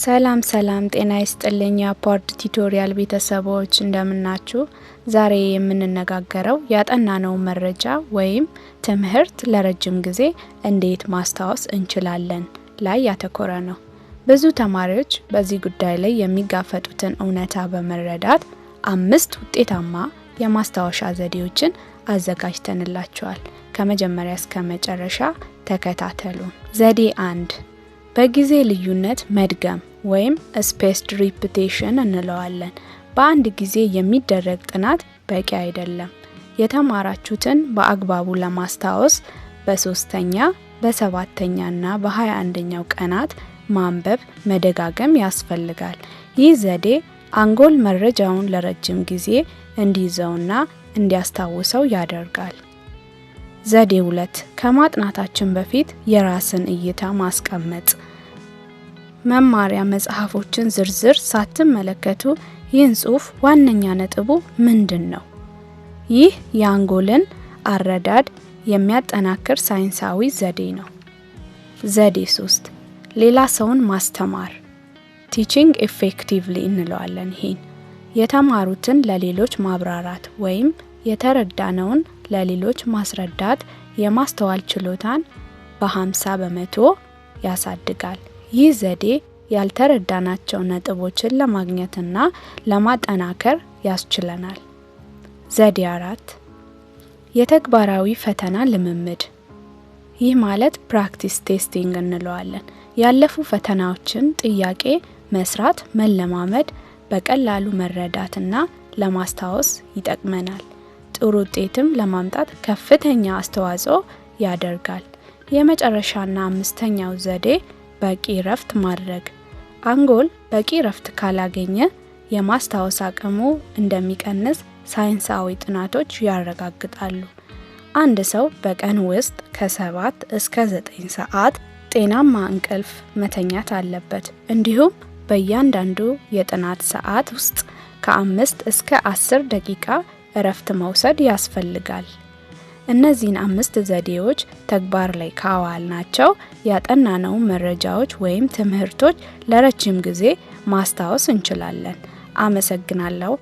ሰላም ሰላም፣ ጤና ይስጥልኝ የአፓወርድ ቲቶሪያል ቤተሰቦች እንደምናችሁ። ዛሬ የምንነጋገረው ያጠናነውን መረጃ ወይም ትምህርት ለረጅም ጊዜ እንዴት ማስታወስ እንችላለን ላይ ያተኮረ ነው። ብዙ ተማሪዎች በዚህ ጉዳይ ላይ የሚጋፈጡትን እውነታ በመረዳት አምስት ውጤታማ የማስታወሻ ዘዴዎችን አዘጋጅተንላቸዋል። ከመጀመሪያ እስከ መጨረሻ ተከታተሉ። ዘዴ አንድ በጊዜ ልዩነት መድገም ወይም ስፔስድ ሪፒቴሽን እንለዋለን። በአንድ ጊዜ የሚደረግ ጥናት በቂ አይደለም። የተማራችሁትን በአግባቡ ለማስታወስ በሶስተኛ በሰባተኛ እና በሃያ አንደኛው ቀናት ማንበብ መደጋገም ያስፈልጋል። ይህ ዘዴ አንጎል መረጃውን ለረጅም ጊዜ እንዲይዘውና እንዲያስታውሰው ያደርጋል። ዘዴ ሁለት ከማጥናታችን በፊት የራስን እይታ ማስቀመጥ። መማሪያ መጽሐፎችን ዝርዝር ሳትመለከቱ ይህን ጽሑፍ ዋነኛ ነጥቡ ምንድን ነው? ይህ የአንጎልን አረዳድ የሚያጠናክር ሳይንሳዊ ዘዴ ነው። ዘዴ ሶስት ሌላ ሰውን ማስተማር ቲቺንግ ኤፌክቲቭሊ እንለዋለን። ይህን የተማሩትን ለሌሎች ማብራራት ወይም የተረዳነውን ለሌሎች ማስረዳት የማስተዋል ችሎታን በ50 በመቶ ያሳድጋል። ይህ ዘዴ ያልተረዳናቸው ነጥቦችን ለማግኘትና ለማጠናከር ያስችለናል። ዘዴ አራት የተግባራዊ ፈተና ልምምድ። ይህ ማለት ፕራክቲስ ቴስቲንግ እንለዋለን። ያለፉ ፈተናዎችን ጥያቄ መስራት መለማመድ፣ በቀላሉ መረዳትና ለማስታወስ ይጠቅመናል። ጥሩ ውጤትም ለማምጣት ከፍተኛ አስተዋጽኦ ያደርጋል። የመጨረሻና አምስተኛው ዘዴ በቂ እረፍት ማድረግ። አንጎል በቂ እረፍት ካላገኘ የማስታወስ አቅሙ እንደሚቀንስ ሳይንሳዊ ጥናቶች ያረጋግጣሉ። አንድ ሰው በቀን ውስጥ ከሰባት እስከ ዘጠኝ ሰዓት ጤናማ እንቅልፍ መተኛት አለበት። እንዲሁም በእያንዳንዱ የጥናት ሰዓት ውስጥ ከአምስት እስከ አስር ደቂቃ እረፍት መውሰድ ያስፈልጋል። እነዚህን አምስት ዘዴዎች ተግባር ላይ ካዋል ናቸው። ያጠናነው መረጃዎች ወይም ትምህርቶች ለረጅም ጊዜ ማስታወስ እንችላለን። አመሰግናለሁ።